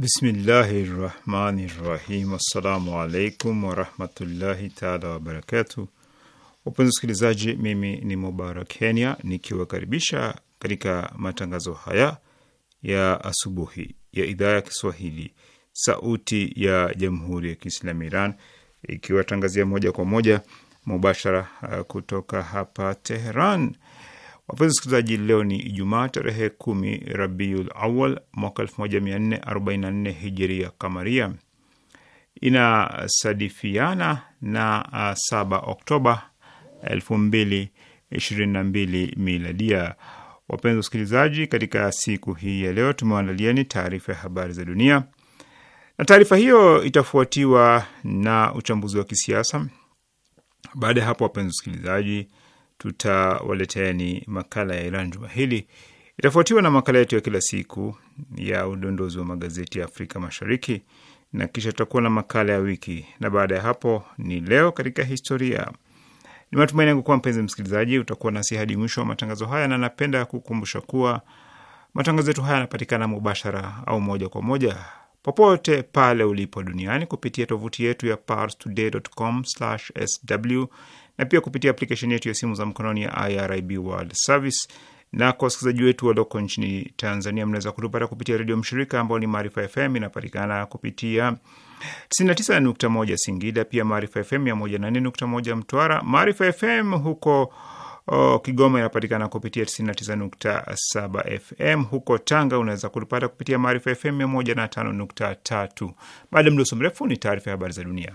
Bismillahi rahmani rahim. Assalamu alaikum warahmatullahi taala wabarakatu. Wapenzi wasikilizaji, mimi ni Mubarak Kenya nikiwakaribisha katika matangazo haya ya asubuhi ya idhaa ya Kiswahili sauti ya jamhuri ya Kiislamu Iran ikiwatangazia moja kwa moja mubashara uh, kutoka hapa Teheran Wapenzi wasikilizaji, leo ni Ijumaa tarehe kumi Rabiul Awal mwaka 1444 hijiria kamaria, inasadifiana na 7 uh, Oktoba 2022 miladia. Wapenzi wasikilizaji, katika siku hii ya leo ni taarifa ya habari za dunia, na taarifa hiyo itafuatiwa na uchambuzi wa kisiasa. Baada ya hapo, wapenzi wasikilizaji tutawaleteni makala ya Iran juma hili, itafuatiwa na makala yetu ya kila siku ya udondozi wa magazeti ya Afrika Mashariki, na kisha tutakuwa na makala ya wiki, na baada ya hapo ni leo katika historia. Ni matumaini yangu kuwa mpenzi msikilizaji utakuwa nasi hadi mwisho wa matangazo haya, na napenda kukumbusha kuwa matangazo yetu haya yanapatikana mubashara au moja kwa moja popote pale ulipo duniani kupitia tovuti yetu ya parstoday.com/sw na pia kupitia aplikesheni yetu ya simu za mkononi ya IRIB World Service. Na kwa wasikilizaji wetu walioko nchini Tanzania, mnaweza kutupata kupitia redio mshirika ambao ni Maarifa FM, inapatikana kupitia 99.1 Singida, pia Maarifa FM 104.1 Mtwara. Maarifa FM huko Oh, Kigoma inapatikana kupitia 99.7 FM. Huko Tanga unaweza kutupata kupitia Maarifa FM 105.3. Baada ya mdoso mrefu ni taarifa ya habari za dunia.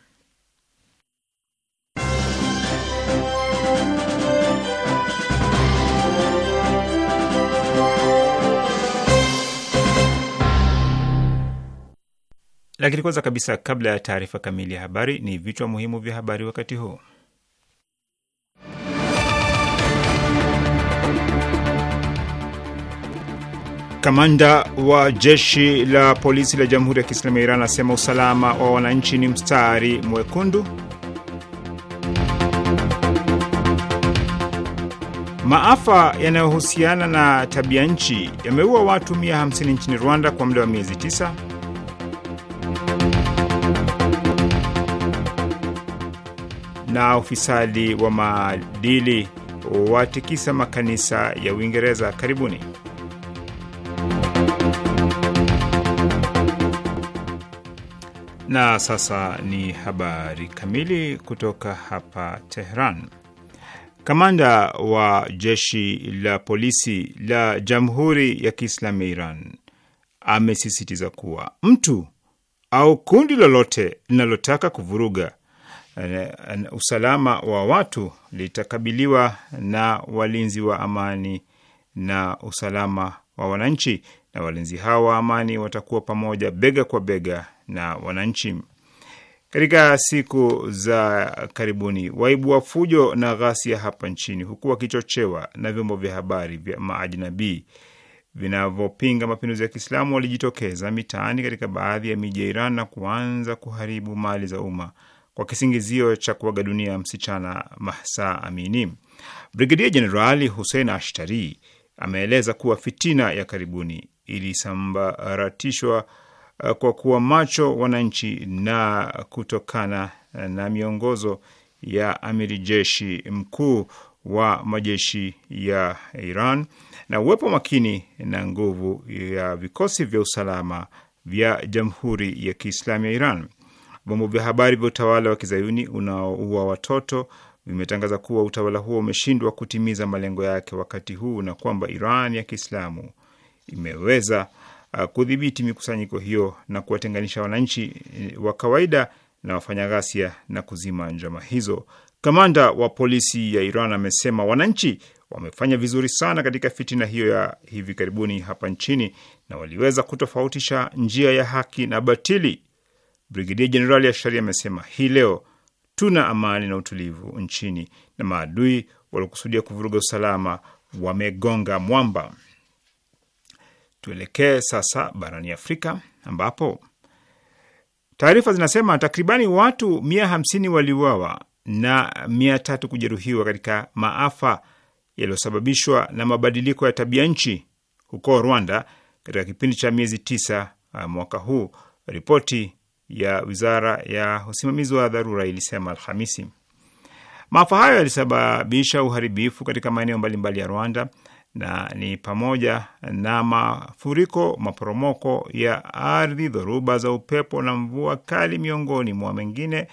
Lakini kwanza kabisa, kabla ya taarifa kamili ya habari, ni vichwa muhimu vya habari wakati huu. Kamanda wa jeshi la polisi la Jamhuri ya Kiislamu ya Iran anasema usalama wa wananchi ni mstari mwekundu. Maafa yanayohusiana na tabia nchi yameua watu 150 nchini Rwanda kwa muda wa miezi 9. na ufisadi wa maadili watikisa makanisa ya Uingereza. Karibuni. Na sasa ni habari kamili kutoka hapa Tehran. Kamanda wa jeshi la polisi la Jamhuri ya Kiislamu ya Iran amesisitiza kuwa mtu au kundi lolote linalotaka kuvuruga usalama wa watu litakabiliwa na walinzi wa amani na usalama wa wananchi, na walinzi hao wa amani watakuwa pamoja bega kwa bega na wananchi. Katika siku za karibuni, waibua fujo na ghasia hapa nchini, huku wakichochewa na vyombo vya habari vya maajnabii vinavyopinga mapinduzi ya Kiislamu walijitokeza mitaani katika baadhi ya miji ya Iran na kuanza kuharibu mali za umma kwa kisingizio cha kuaga dunia msichana Mahsa Amini. Brigedia Jenerali Hussein Ashtari ameeleza kuwa fitina ya karibuni ilisambaratishwa eh, kwa kuwa macho wananchi na kutokana na miongozo ya amiri jeshi mkuu wa majeshi ya Iran na uwepo makini na nguvu ya vikosi vya usalama vya Jamhuri ya Kiislamu ya Iran. Vyombo vya habari vya utawala wa kizayuni unaoua watoto vimetangaza kuwa utawala huo umeshindwa kutimiza malengo yake wakati huu na kwamba Iran ya Kiislamu imeweza uh, kudhibiti mikusanyiko hiyo na kuwatenganisha wananchi eh, wa kawaida na wafanya ghasia na kuzima njama hizo. Kamanda wa polisi ya Iran amesema wananchi wamefanya vizuri sana katika fitina hiyo ya hivi karibuni hapa nchini na waliweza kutofautisha njia ya haki na batili. Brigedia Jenerali Ashari amesema hii leo tuna amani na utulivu nchini na maadui waliokusudia kuvuruga usalama wamegonga mwamba. Tuelekee sasa barani Afrika ambapo taarifa zinasema takribani watu mia hamsini waliuawa na mia tatu kujeruhiwa katika maafa yaliyosababishwa na mabadiliko ya tabia nchi huko Rwanda katika kipindi cha miezi tisa uh, mwaka huu, ripoti ya wizara ya usimamizi wa dharura ilisema Alhamisi. Maafa hayo yalisababisha uharibifu katika maeneo mbalimbali ya Rwanda na ni pamoja na mafuriko, maporomoko ya ardhi, dhoruba za upepo na mvua kali, miongoni mwa mengine,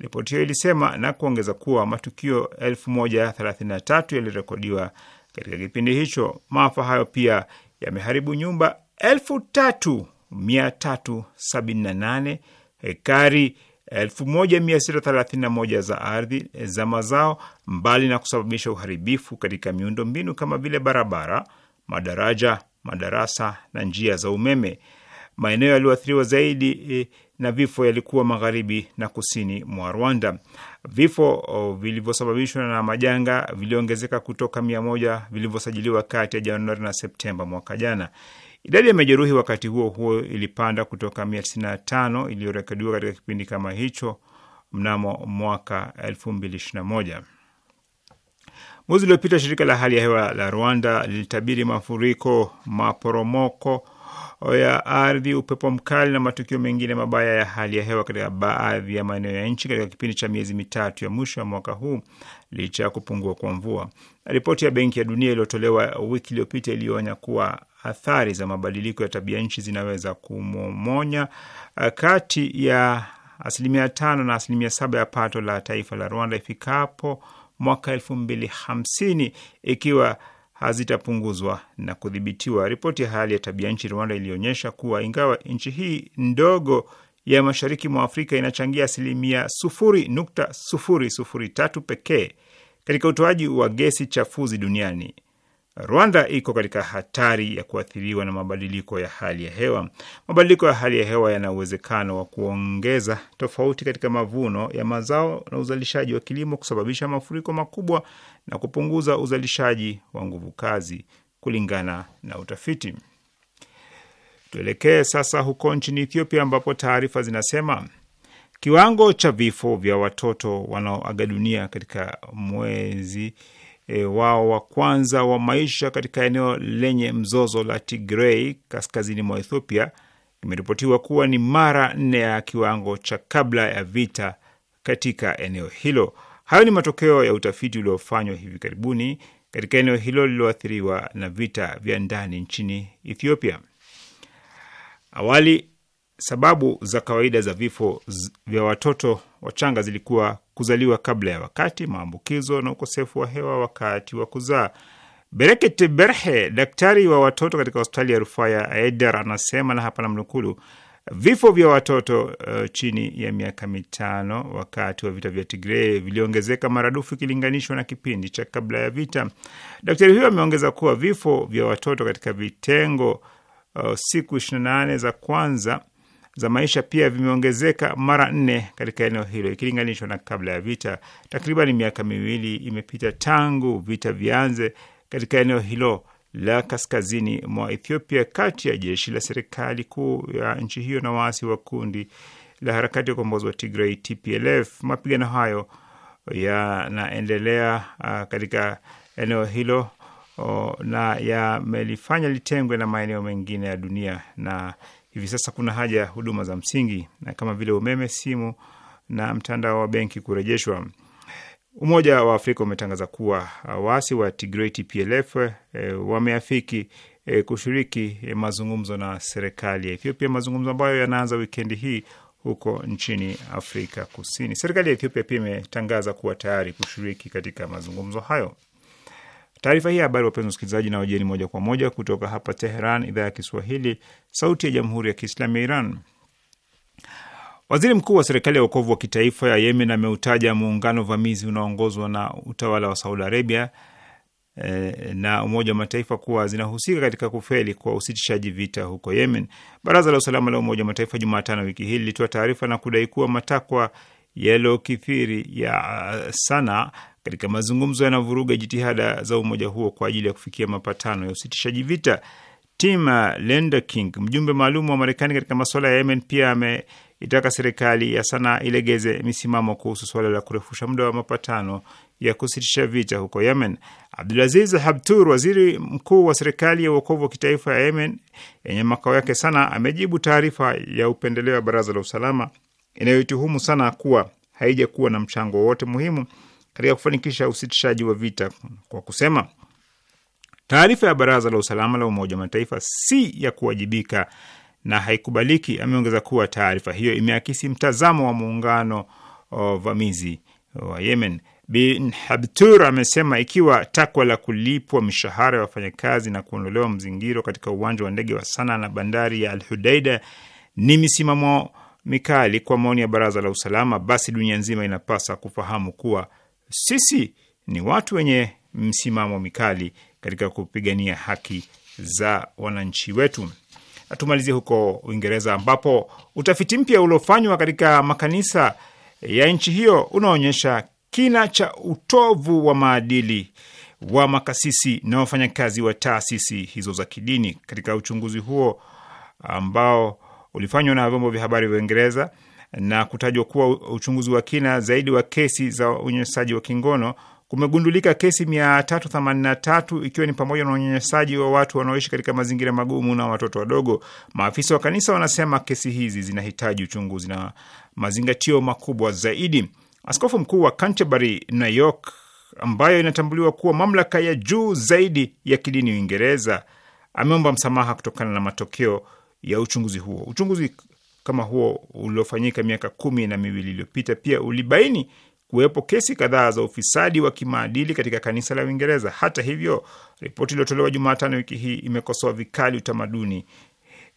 ripoti hiyo ilisema, na kuongeza kuwa matukio 1033 yalirekodiwa katika kipindi hicho. Maafa hayo pia yameharibu nyumba 3378 ekari 1631 e, za ardhi e, za mazao, mbali na kusababisha uharibifu katika miundo mbinu kama vile barabara, madaraja, madarasa na njia za umeme. Maeneo yaliyoathiriwa zaidi e, na vifo yalikuwa magharibi na kusini mwa Rwanda. Vifo vilivyosababishwa na majanga viliongezeka kutoka mia moja vilivyosajiliwa kati ya Januari na Septemba mwaka jana. Idadi ya majeruhi wakati huo huo ilipanda kutoka 95 iliyorekodiwa katika kipindi kama hicho mnamo mwaka 2021. Mwezi uliopita shirika la hali ya hewa la Rwanda lilitabiri mafuriko, maporomoko ya ardhi, upepo mkali na matukio mengine mabaya ya hali ya hewa katika baadhi ya maeneo ya nchi katika kipindi cha miezi mitatu ya mwisho ya mwaka huu, licha ya kupungua kwa mvua. Ripoti ya Benki ya Dunia iliyotolewa wiki iliyopita iliyoonya kuwa athari za mabadiliko ya tabia nchi zinaweza kumomonya eh, kati ya asilimia tano na asilimia saba ya pato la taifa la Rwanda ifikapo mwaka elfu mbili hamsini ikiwa hazitapunguzwa na kudhibitiwa. Ripoti ya hali ya tabia nchi Rwanda ilionyesha kuwa ingawa nchi hii ndogo ya mashariki mwa Afrika inachangia asilimia sufuri nukta sufuri sufuri tatu pekee katika utoaji wa gesi chafuzi duniani. Rwanda iko katika hatari ya kuathiriwa na mabadiliko ya hali ya hewa. Mabadiliko ya hali ya hewa yana uwezekano wa kuongeza tofauti katika mavuno ya mazao na uzalishaji wa kilimo, kusababisha mafuriko makubwa na kupunguza uzalishaji wa nguvu kazi, kulingana na utafiti. Tuelekee sasa huko nchini Ethiopia ambapo taarifa zinasema kiwango cha vifo vya watoto wanaoaga dunia katika mwezi e, wao wa kwanza wa maisha katika eneo lenye mzozo la tigrei kaskazini mwa Ethiopia kimeripotiwa kuwa ni mara nne ya kiwango cha kabla ya vita katika eneo hilo. Hayo ni matokeo ya utafiti uliofanywa hivi karibuni katika eneo hilo lililoathiriwa na vita vya ndani nchini Ethiopia. Awali sababu za kawaida za vifo vya watoto wachanga zilikuwa kuzaliwa kabla ya wakati, maambukizo na ukosefu wa hewa wakati wa kuzaa. Bereket Berhe, daktari wa watoto katika hospitali ya rufaa ya Aidar, anasema na hapa namnukulu: vifo vya watoto uh, chini ya miaka mitano wakati wa vita vya Tigray viliongezeka maradufu ikilinganishwa na kipindi cha kabla ya vita. Daktari huyo ameongeza kuwa vifo vya watoto katika vitengo uh, siku 28 za kwanza za maisha pia vimeongezeka mara nne katika eneo hilo ikilinganishwa na kabla ya vita. Takriban miaka miwili imepita tangu vita vianze katika eneo hilo la kaskazini mwa Ethiopia kati ya jeshi la serikali kuu ya nchi hiyo na waasi wa kundi la harakati ya ukombozi wa Tigray TPLF. Mapigano hayo yanaendelea uh, katika eneo hilo o, na yamelifanya litengwe na maeneo mengine ya dunia, na hivi sasa kuna haja ya huduma za msingi na kama vile umeme, simu na mtandao wa benki kurejeshwa. Umoja wa Afrika umetangaza kuwa waasi wa Tigray TPLF e, wameafiki e, kushiriki e, mazungumzo na serikali ya Ethiopia, mazungumzo ambayo yanaanza wikendi hii huko nchini Afrika Kusini. Serikali ya Ethiopia pia imetangaza kuwa tayari kushiriki katika mazungumzo hayo. Taarifa hii ya habari, wapenzi wasikilizaji, na wajieni moja kwa moja kutoka hapa Teheran, idhaa ya Kiswahili, sauti ya jamhuri ya kiislamu ya Iran. Waziri mkuu wa serikali ya uokovu wa kitaifa ya Yemen ameutaja muungano vamizi unaoongozwa na utawala wa Saudi Arabia eh, na Umoja wa Mataifa kuwa zinahusika katika kufeli kwa usitishaji vita huko Yemen. Baraza la usalama la Umoja wa Mataifa Jumatano wiki hii lilitoa taarifa na kudai kuwa matakwa yaliyokithiri ya eh, sana katika mazungumzo yanavuruga jitihada za umoja huo kwa ajili ya kufikia mapatano ya usitishaji vita. Tim Lenderking, mjumbe maalum wa Marekani katika masuala ya Yemen, pia ameitaka serikali ya Sanaa ilegeze misimamo kuhusu suala la kurefusha muda wa mapatano ya kusitisha vita huko Yemen. Abdulaziz Habtur, waziri mkuu wa serikali ya uokovu wa kitaifa ya Yemen yenye makao yake Sana, amejibu taarifa ya upendeleo ya baraza la usalama inayoituhumu Sana kuwa haijakuwa na mchango wowote muhimu katika kufanikisha usitishaji wa vita kwa kusema taarifa ya Baraza la Usalama la Umoja wa Mataifa si ya kuwajibika na haikubaliki. Ameongeza kuwa taarifa hiyo imeakisi mtazamo wa muungano vamizi wa Yemen. Bin Habtur amesema ikiwa takwa la kulipwa mishahara ya wafanyakazi na kuondolewa mzingiro katika uwanja wa ndege wa Sana na bandari ya Al Hudaida ni misimamo mikali kwa maoni ya Baraza la Usalama, basi dunia nzima inapasa kufahamu kuwa sisi ni watu wenye msimamo mikali katika kupigania haki za wananchi wetu. Tumalizie huko Uingereza ambapo utafiti mpya uliofanywa katika makanisa ya nchi hiyo unaonyesha kina cha utovu wa maadili wa makasisi na wafanyakazi wa taasisi hizo za kidini. Katika uchunguzi huo ambao ulifanywa na vyombo vya habari vya Uingereza na kutajwa kuwa uchunguzi wa kina zaidi wa kesi za unyanyasaji wa kingono kumegundulika kesi 383 ikiwa ni pamoja na unyanyasaji wa watu wanaoishi katika mazingira magumu na watoto wadogo. Maafisa wa kanisa wanasema kesi hizi zinahitaji uchunguzi na mazingatio makubwa zaidi. Askofu mkuu wa Canterbury na York, ambayo inatambuliwa kuwa mamlaka ya juu zaidi ya kidini Uingereza, ameomba msamaha kutokana na matokeo ya uchunguzi huo. Uchunguzi kama huo uliofanyika miaka kumi na miwili iliyopita pia ulibaini kuwepo kesi kadhaa za ufisadi wa kimaadili katika kanisa la Uingereza. Hata hivyo, ripoti iliyotolewa Jumatano wiki hii imekosoa vikali utamaduni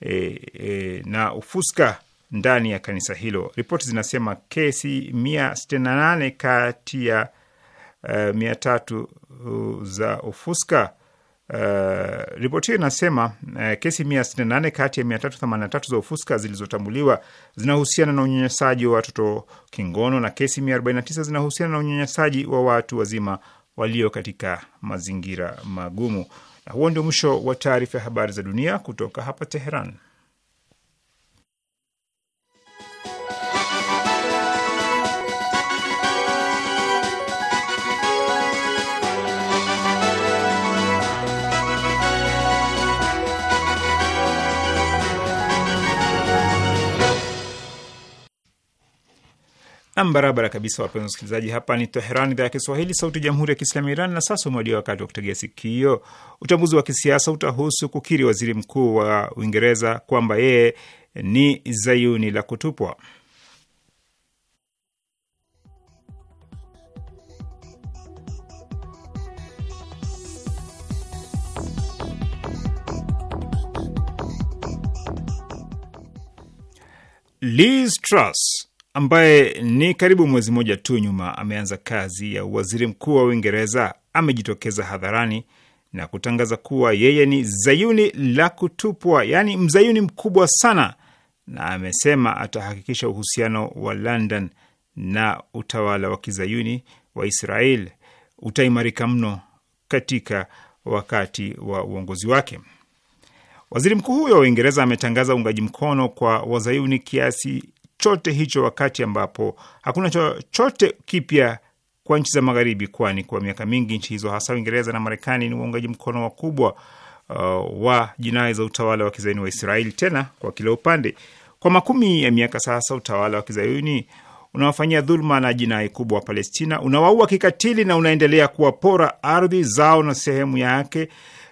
e, e, na ufuska ndani ya kanisa hilo. Ripoti zinasema kesi mia sitini nane kati ya uh, mia tatu uh, za ufuska Eh, ripoti hiyo inasema uh, kesi 168 kati ya 383 za ufuska zilizotambuliwa zinahusiana na unyanyasaji wa watoto kingono na kesi 149 zinahusiana na unyanyasaji wa watu wazima walio katika mazingira magumu. Na huo ndio mwisho wa taarifa ya habari za dunia kutoka hapa Teheran. Nam barabara kabisa, wapenzi wasikilizaji, hapa ni Teheran, idhaa ya Kiswahili, sauti ya jamhuri ya kiislamu ya Iran. Na sasa umewadia wakati wa kutegea sikio. Uchambuzi wa kisiasa utahusu kukiri waziri mkuu wa Uingereza kwamba yeye ni zayuni la kutupwa. Liz Truss ambaye ni karibu mwezi mmoja tu nyuma ameanza kazi ya waziri mkuu wa Uingereza amejitokeza hadharani na kutangaza kuwa yeye ni zayuni la kutupwa, yaani mzayuni mkubwa sana, na amesema atahakikisha uhusiano wa London na utawala wa kizayuni wa Israel utaimarika mno katika wakati wa uongozi wake. Waziri mkuu huyo wa Uingereza ametangaza uungaji mkono kwa wazayuni kiasi chochote hicho wakati ambapo hakuna chochote kipya kwa nchi za Magharibi, kwani kwa miaka mingi nchi hizo hasa Uingereza na Marekani ni waungaji mkono wakubwa uh, wa jinai za utawala wa kizayuni wa Israeli, tena kwa kila upande. Kwa makumi ya miaka sasa, utawala wa kizayuni unawafanyia dhuluma na jinai kubwa wa Palestina, unawaua kikatili na unaendelea kuwapora ardhi zao na sehemu yake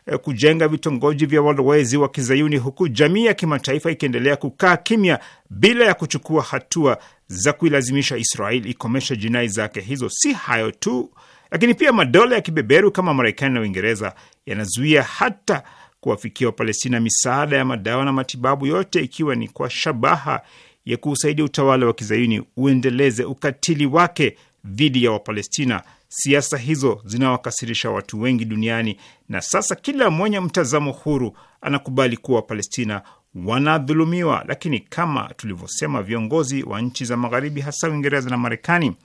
Eh, kujenga vitongoji vya walowezi wa kizayuni huku jamii ya kimataifa ikiendelea kukaa kimya bila ya kuchukua hatua za kuilazimisha Israel ikomesha jinai zake hizo. Si hayo tu, lakini pia madola ya kibeberu kama Marekani na Uingereza yanazuia hata kuwafikia Wapalestina misaada ya madawa na matibabu, yote ikiwa ni kwa shabaha ya kuusaidia utawala wa kizayuni uendeleze ukatili wake dhidi ya Wapalestina siasa hizo zinawakasirisha watu wengi duniani, na sasa kila mwenye mtazamo huru anakubali kuwa Wapalestina wanadhulumiwa. Lakini kama tulivyosema, viongozi wa nchi za Magharibi, hasa Uingereza na Marekani,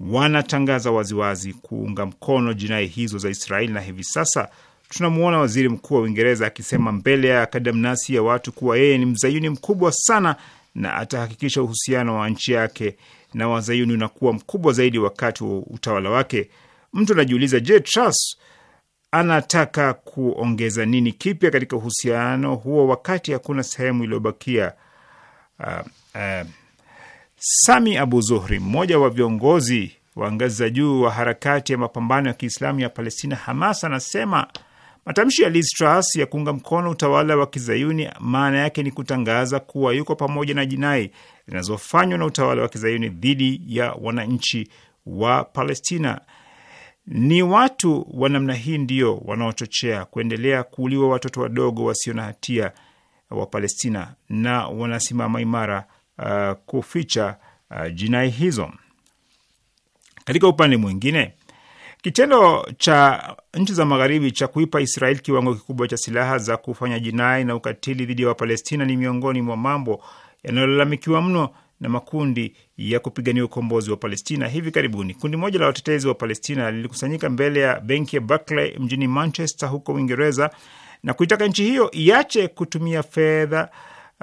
wanatangaza waziwazi kuunga mkono jinai hizo za Israeli, na hivi sasa tunamwona waziri mkuu wa Uingereza akisema mbele ya kadamnasi ya watu kuwa yeye ni mzayuni mkubwa sana na atahakikisha uhusiano wa nchi yake na wazayuni unakuwa mkubwa zaidi wakati wa utawala wake. Mtu anajiuliza, je, Truss anataka kuongeza nini kipya katika uhusiano huo wakati hakuna sehemu iliyobakia? Uh, uh, Sami Abu Zuhri, mmoja wa viongozi wa ngazi za juu wa harakati ya mapambano ya Kiislamu ya Palestina, Hamas, anasema Matamshi ya Liz Truss ya kuunga mkono utawala wa kizayuni maana yake ni kutangaza kuwa yuko pamoja na jinai zinazofanywa na utawala wa kizayuni dhidi ya wananchi wa Palestina. Ni watu wa namna hii ndio wanaochochea kuendelea kuuliwa watoto wadogo wasio na hatia wa Palestina na wanasimama imara uh, kuficha uh, jinai hizo. Katika upande mwingine Kitendo cha nchi za magharibi cha kuipa Israel kiwango kikubwa cha silaha za kufanya jinai na ukatili dhidi ya Wapalestina ni miongoni mwa mambo yanayolalamikiwa mno na makundi ya kupigania ukombozi wa Palestina. Hivi karibuni kundi moja la watetezi wa Palestina lilikusanyika mbele ya benki ya Barclays mjini Manchester huko Uingereza na kuitaka nchi hiyo iache kutumia fedha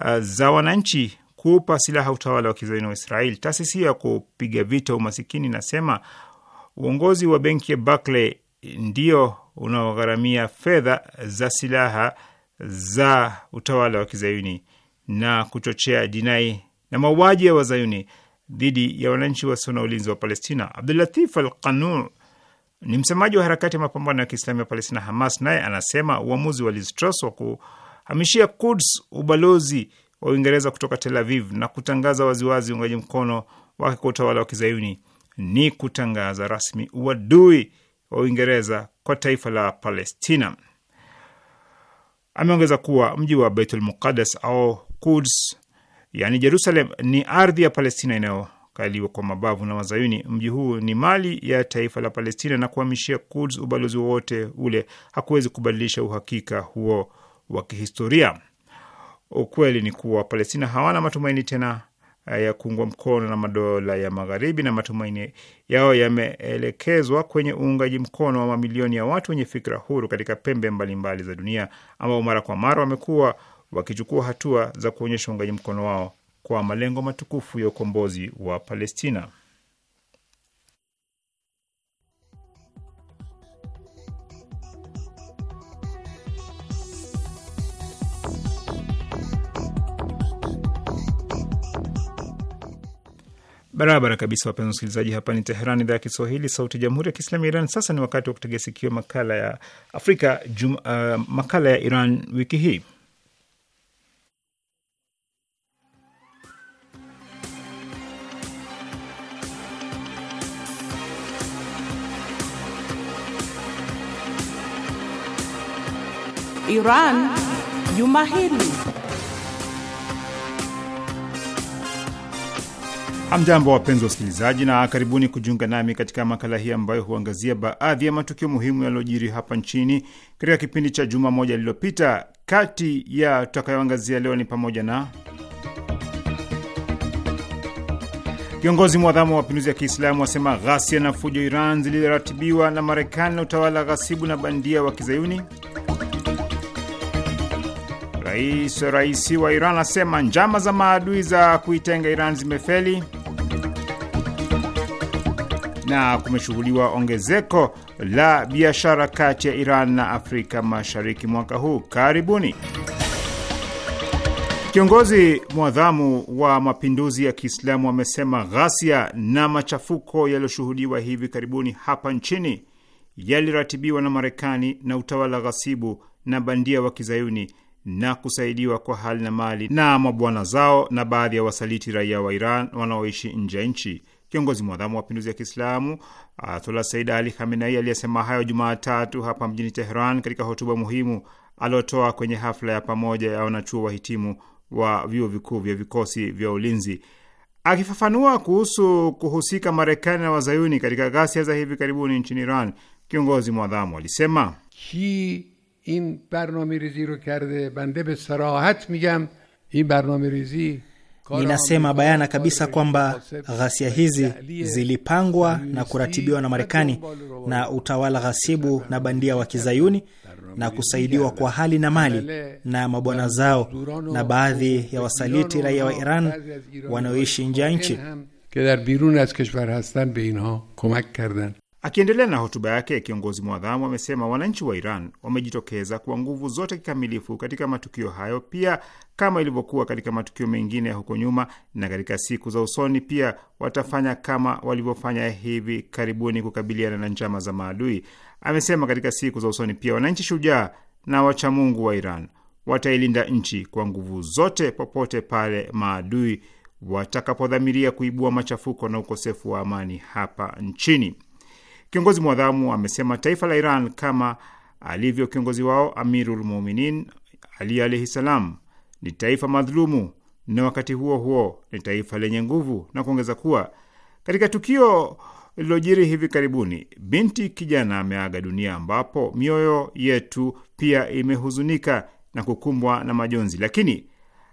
uh, za wananchi kuupa silaha utawala wa kizayuni wa Israel. Taasisi hiyo ya kupiga vita umasikini inasema Uongozi wa benki ya Barclays ndio unaogharamia fedha za silaha za utawala wa kizayuni na kuchochea jinai na mauaji ya wazayuni dhidi ya wananchi wasio na ulinzi wa Palestina. Abdulatif Al Qanun ni msemaji wa harakati ya mapambano ya kiislamu ya Palestina, Hamas, naye anasema uamuzi wa Liz Truss wa kuhamishia Kuds ubalozi wa Uingereza kutoka Tel Aviv na kutangaza waziwazi uungaji mkono wake kwa utawala wa kizayuni ni kutangaza rasmi uadui wa Uingereza kwa taifa la Palestina. Ameongeza kuwa mji wa Baitul Muqaddas au Quds, yani Jerusalem, ni ardhi ya Palestina inayokaliwa kwa mabavu na Wazayuni. Mji huu ni mali ya taifa la Palestina, na kuhamishia Quds ubalozi wowote ule hakuwezi kubadilisha uhakika huo wa kihistoria. Ukweli ni kuwa Palestina hawana matumaini tena Eh, ya kuungwa mkono na madola ya Magharibi na matumaini yao yameelekezwa kwenye uungaji mkono wa mamilioni ya watu wenye fikra huru katika pembe mbalimbali mbali za dunia ambao mara kwa mara wamekuwa wakichukua hatua za kuonyesha uungaji mkono wao kwa malengo matukufu ya ukombozi wa Palestina. Barabara kabisa, wapenzi wasikilizaji, hapa ni Teheran, idhaa ya Kiswahili, sauti ya jamhuri ya kiislamu ya Iran. Sasa ni wakati wa kutega sikio makala ya Afrika jum, uh, makala ya Iran wiki hii. Iran juma hili Hamjambo, wapenzi wa usikilizaji, na karibuni kujiunga nami katika makala hii ambayo huangazia baadhi ya matukio muhimu yaliyojiri hapa nchini katika kipindi cha juma moja lililopita. Kati ya tutakayoangazia leo ni pamoja na kiongozi mwadhamu wa mapinduzi ya Kiislamu wasema ghasia na fujo Iran ziliratibiwa na Marekani na utawala ghasibu na bandia wa Kizayuni. Rais raisi wa Iran asema njama za maadui za kuitenga Iran zimefeli na kumeshuhudiwa ongezeko la biashara kati ya Iran na Afrika Mashariki mwaka huu. Karibuni. Kiongozi mwadhamu wa mapinduzi ya Kiislamu amesema ghasia na machafuko yaliyoshuhudiwa hivi karibuni hapa nchini yaliratibiwa na Marekani na utawala ghasibu na bandia wa Kizayuni na kusaidiwa kwa hali na mali na mabwana zao na baadhi ya wasaliti raia wa Iran wanaoishi nje ya nchi. Kiongozi mwadhamu wa mapinduzi ya Kiislamu Ayatollah Said Ali Khamenei aliyesema hayo Jumatatu hapa mjini Teheran katika hotuba muhimu aliotoa kwenye hafla ya pamoja ya wanachuo wahitimu wa vyuo vikuu vya vikosi vya ulinzi. Akifafanua kuhusu kuhusika Marekani na wazayuni katika ghasia za hivi karibuni nchini Iran, kiongozi mwadhamu alisema ki in barname ro karde bande be migam in barnamerizi Ninasema bayana kabisa kwamba ghasia hizi zilipangwa na kuratibiwa na Marekani na utawala ghasibu na bandia wa Kizayuni na kusaidiwa kwa hali na mali na mabwana zao na baadhi ya wasaliti raia wa Iran wanaoishi nje ya nchi. Akiendelea na hotuba yake, kiongozi mwadhamu amesema wananchi wa Iran wamejitokeza kwa nguvu zote kikamilifu katika matukio hayo, pia kama ilivyokuwa katika matukio mengine ya huko nyuma, na katika siku za usoni pia watafanya kama walivyofanya hivi karibuni kukabiliana na njama za maadui. Amesema katika siku za usoni pia wananchi shujaa na wachamungu wa Iran watailinda nchi kwa nguvu zote popote pale maadui watakapodhamiria kuibua machafuko na ukosefu wa amani hapa nchini. Kiongozi mwadhamu amesema taifa la Iran kama alivyo kiongozi wao Amirul Muminin Ali alaihi salam ni taifa madhulumu na wakati huo huo ni taifa lenye nguvu, na kuongeza kuwa katika tukio lilojiri hivi karibuni, binti kijana ameaga dunia, ambapo mioyo yetu pia imehuzunika na kukumbwa na majonzi, lakini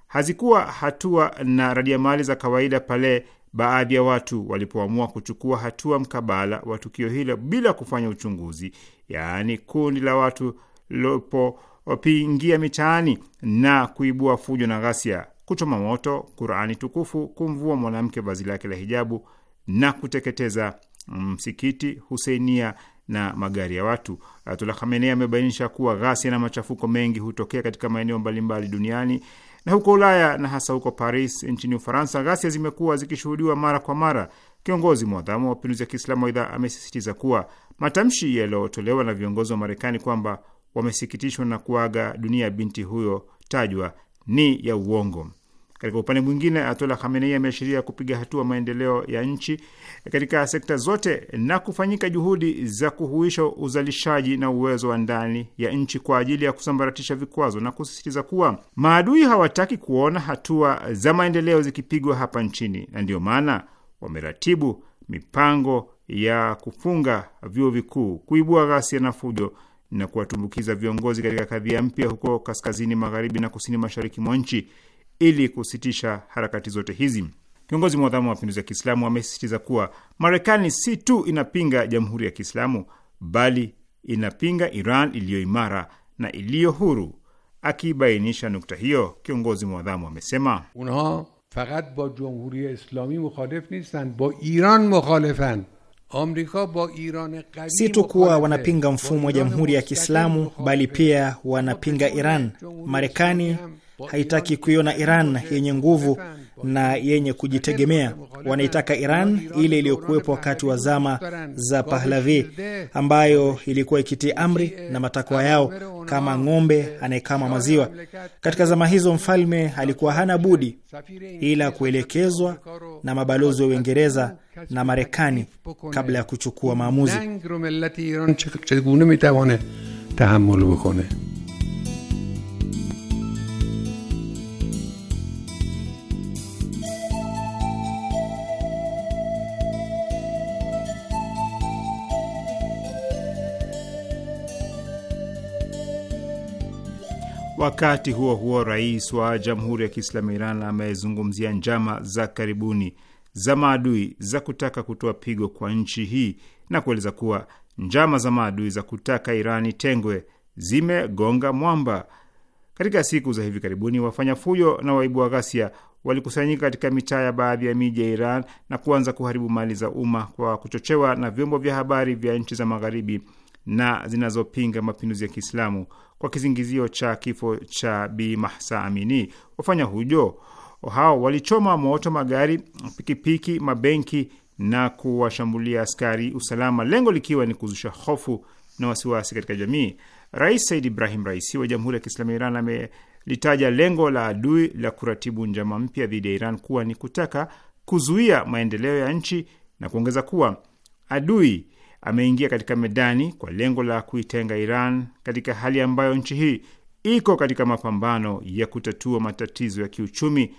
hazikuwa hatua na radiamali za kawaida pale baadhi ya watu walipoamua kuchukua hatua mkabala wa tukio hilo bila kufanya uchunguzi, yaani kundi la watu lilopopingia mitaani na kuibua fujo na ghasia, kuchoma moto Qurani tukufu, kumvua mwanamke vazi lake la hijabu na kuteketeza msikiti Huseinia na magari ya watu. Ayatullah Khamenei amebainisha kuwa ghasia na machafuko mengi hutokea katika maeneo mbalimbali duniani na huko Ulaya na hasa huko Paris nchini Ufaransa, ghasia zimekuwa zikishuhudiwa mara kwa mara. Kiongozi mwadhamu wa mapinduzi ya Kiislamu aidha amesisitiza kuwa matamshi yaliyotolewa na viongozi wa Marekani kwamba wamesikitishwa na kuaga dunia binti huyo tajwa ni ya uongo. Katika upande mwingine, Atola Khamenei ameashiria kupiga hatua maendeleo ya nchi katika sekta zote na kufanyika juhudi za kuhuisha uzalishaji na uwezo wa ndani ya nchi kwa ajili ya kusambaratisha vikwazo na kusisitiza kuwa maadui hawataki kuona hatua za maendeleo zikipigwa hapa nchini, na ndiyo maana wameratibu mipango ya kufunga vyuo vikuu, kuibua ghasia na fujo na kuwatumbukiza viongozi katika kadhia mpya huko kaskazini magharibi na kusini mashariki mwa nchi ili kusitisha harakati zote hizi. Kiongozi mwadhamu wa mapinduzi ya Kiislamu amesisitiza kuwa Marekani si tu inapinga jamhuri ya Kiislamu bali inapinga Iran iliyo imara na iliyo huru. Akibainisha nukta hiyo, kiongozi mwadhamu amesema unha fakat ba jamhuri ya islami mukhalif nistan ba Iran mukhalifan Si tu kuwa wanapinga mfumo wa jamhuri ya Kiislamu bali pia wanapinga Iran. Marekani haitaki kuiona Iran yenye nguvu na yenye kujitegemea. Wanaitaka Iran ile iliyokuwepo wakati wa zama za Pahlavi, ambayo ilikuwa ikitii amri na matakwa yao kama ng'ombe anayekama maziwa. Katika zama hizo, mfalme alikuwa hana budi ila kuelekezwa na mabalozi wa Uingereza na Marekani kabla ya kuchukua maamuzi. Wakati huo huo, rais wa Jamhuri ya Kiislamu ya Iran amezungumzia njama za karibuni za maadui za kutaka kutoa pigo kwa nchi hii na kueleza kuwa njama za maadui za kutaka Iran itengwe zimegonga mwamba. Katika siku za hivi karibuni, wafanya fujo na waibu wa ghasia walikusanyika katika mitaa ya baadhi ya miji ya Iran na kuanza kuharibu mali za umma kwa kuchochewa na vyombo vya habari vya nchi za magharibi na zinazopinga mapinduzi ya Kiislamu kwa kizingizio cha kifo cha Bi Mahsa Amini. Wafanya hujo hao walichoma moto magari, pikipiki, mabenki na kuwashambulia askari usalama, lengo likiwa ni kuzusha hofu na wasiwasi katika jamii. Rais Said Ibrahim Raisi wa Jamhuri ya Kiislamu ya Iran amelitaja lengo la adui la kuratibu njama mpya dhidi ya Iran kuwa ni kutaka kuzuia maendeleo ya nchi na kuongeza kuwa adui ameingia katika medani kwa lengo la kuitenga Iran katika hali ambayo nchi hii iko katika mapambano ya kutatua matatizo ya kiuchumi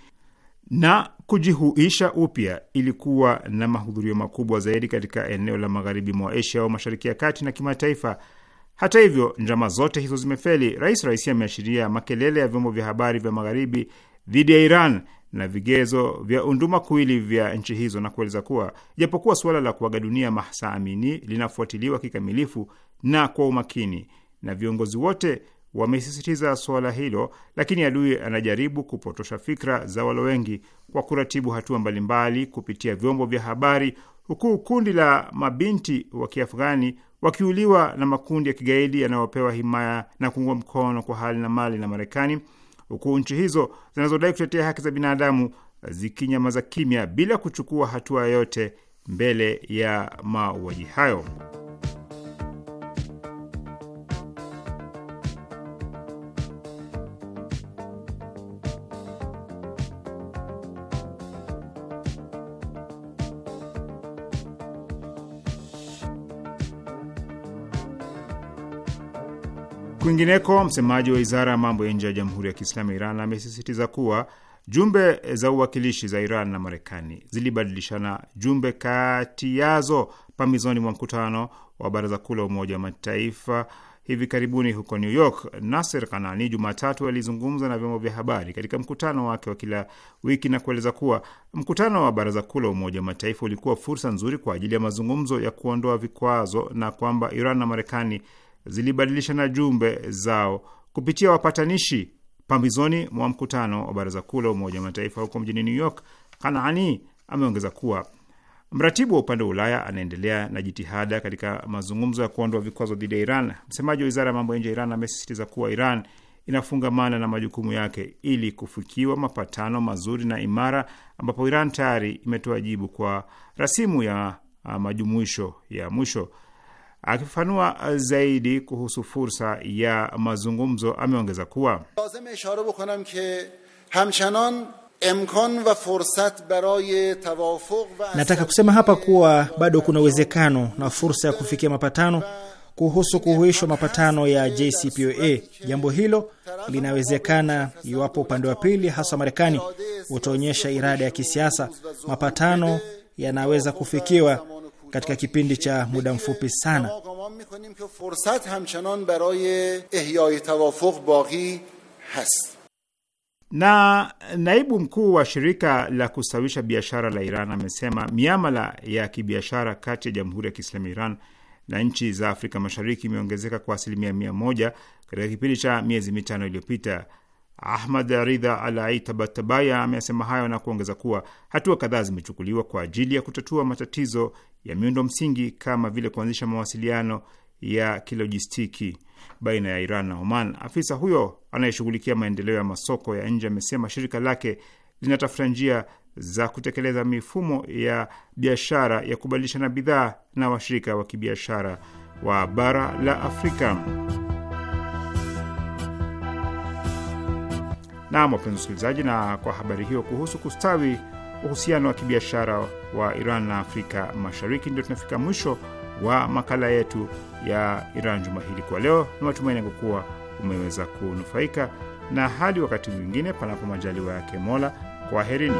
na kujihuisha upya. Ilikuwa na mahudhurio makubwa zaidi katika eneo la magharibi mwa Asia au mashariki ya kati na kimataifa. Hata hivyo, njama zote hizo zimefeli. Rais Raisi ameashiria makelele ya vyombo vya habari vya magharibi dhidi ya Iran na vigezo vya unduma kuwili vya nchi hizo na kueleza kuwa japokuwa suala la kuaga dunia Mahsa Amini linafuatiliwa kikamilifu na kwa umakini na viongozi wote wamesisitiza suala hilo, lakini adui anajaribu kupotosha fikra za walo wengi kwa kuratibu hatua mbalimbali kupitia vyombo vya habari, huku kundi la mabinti wa Kiafghani wakiuliwa na makundi ya kigaidi yanayopewa himaya na kuungwa mkono kwa hali na mali na Marekani huku nchi hizo zinazodai kutetea haki za binadamu zikinyamaza kimya bila kuchukua hatua yoyote mbele ya mauaji hayo. Kwingineko, msemaji wa wizara ya mambo ya nje ya Jamhuri ya Kiislamu ya Iran amesisitiza kuwa jumbe za uwakilishi za Iran na Marekani zilibadilishana jumbe kati yazo pamizoni mwa mkutano wa Baraza Kuu la Umoja wa Mataifa hivi karibuni huko New York. Nasser Kanani Jumatatu alizungumza na vyombo vya habari katika mkutano wake wa kila wiki na kueleza kuwa mkutano wa Baraza Kuu la Umoja wa Mataifa ulikuwa fursa nzuri kwa ajili ya mazungumzo ya kuondoa vikwazo na kwamba Iran na Marekani zilibadilishana jumbe zao kupitia wapatanishi pambizoni mwa mkutano wa Baraza Kuu la Umoja wa Mataifa huko mjini New York. Kanaani ameongeza kuwa mratibu wa upande wa Ulaya anaendelea na jitihada katika mazungumzo ya kuondoa vikwazo dhidi ya Iran. Msemaji wa wizara ya mambo ya nje ya Iran amesisitiza kuwa Iran inafungamana na majukumu yake ili kufikiwa mapatano mazuri na imara, ambapo Iran tayari imetoa jibu kwa rasimu ya uh, majumuisho ya mwisho. Akifafanua uh, zaidi kuhusu fursa ya mazungumzo, ameongeza kuwa nataka kusema hapa kuwa bado kuna uwezekano na fursa ya kufikia mapatano kuhusu kuhuishwa mapatano ya JCPOA. Jambo hilo linawezekana iwapo upande wa pili, hasa Marekani, utaonyesha irada ya kisiasa. Mapatano yanaweza kufikiwa katika kipindi cha muda mfupi sana. Na naibu mkuu wa shirika la kustawisha biashara la Iran amesema miamala ya kibiashara kati ya Jamhuri ya Kiislamu Iran na nchi za Afrika Mashariki imeongezeka kwa asilimia mia moja katika kipindi cha miezi mitano iliyopita. Ahmad Ridha Al Aitabatabaya amesema hayo na kuongeza kuwa hatua kadhaa zimechukuliwa kwa ajili ya kutatua matatizo ya miundo msingi kama vile kuanzisha mawasiliano ya kilojistiki baina ya Iran na Oman. Afisa huyo anayeshughulikia maendeleo ya masoko ya nje amesema shirika lake linatafuta njia za kutekeleza mifumo ya biashara ya kubadilishana bidhaa na washirika wa kibiashara wa bara la Afrika. Naam wapenzi wasikilizaji, na kwa habari hiyo kuhusu kustawi uhusiano wa kibiashara wa Iran na Afrika Mashariki, ndio tunafika mwisho wa makala yetu ya Iran juma hili kwa leo. Ni matumaini yangu kuwa umeweza kunufaika, na hadi wakati mwingine, panapo majaliwa yake Mola, kwaherini.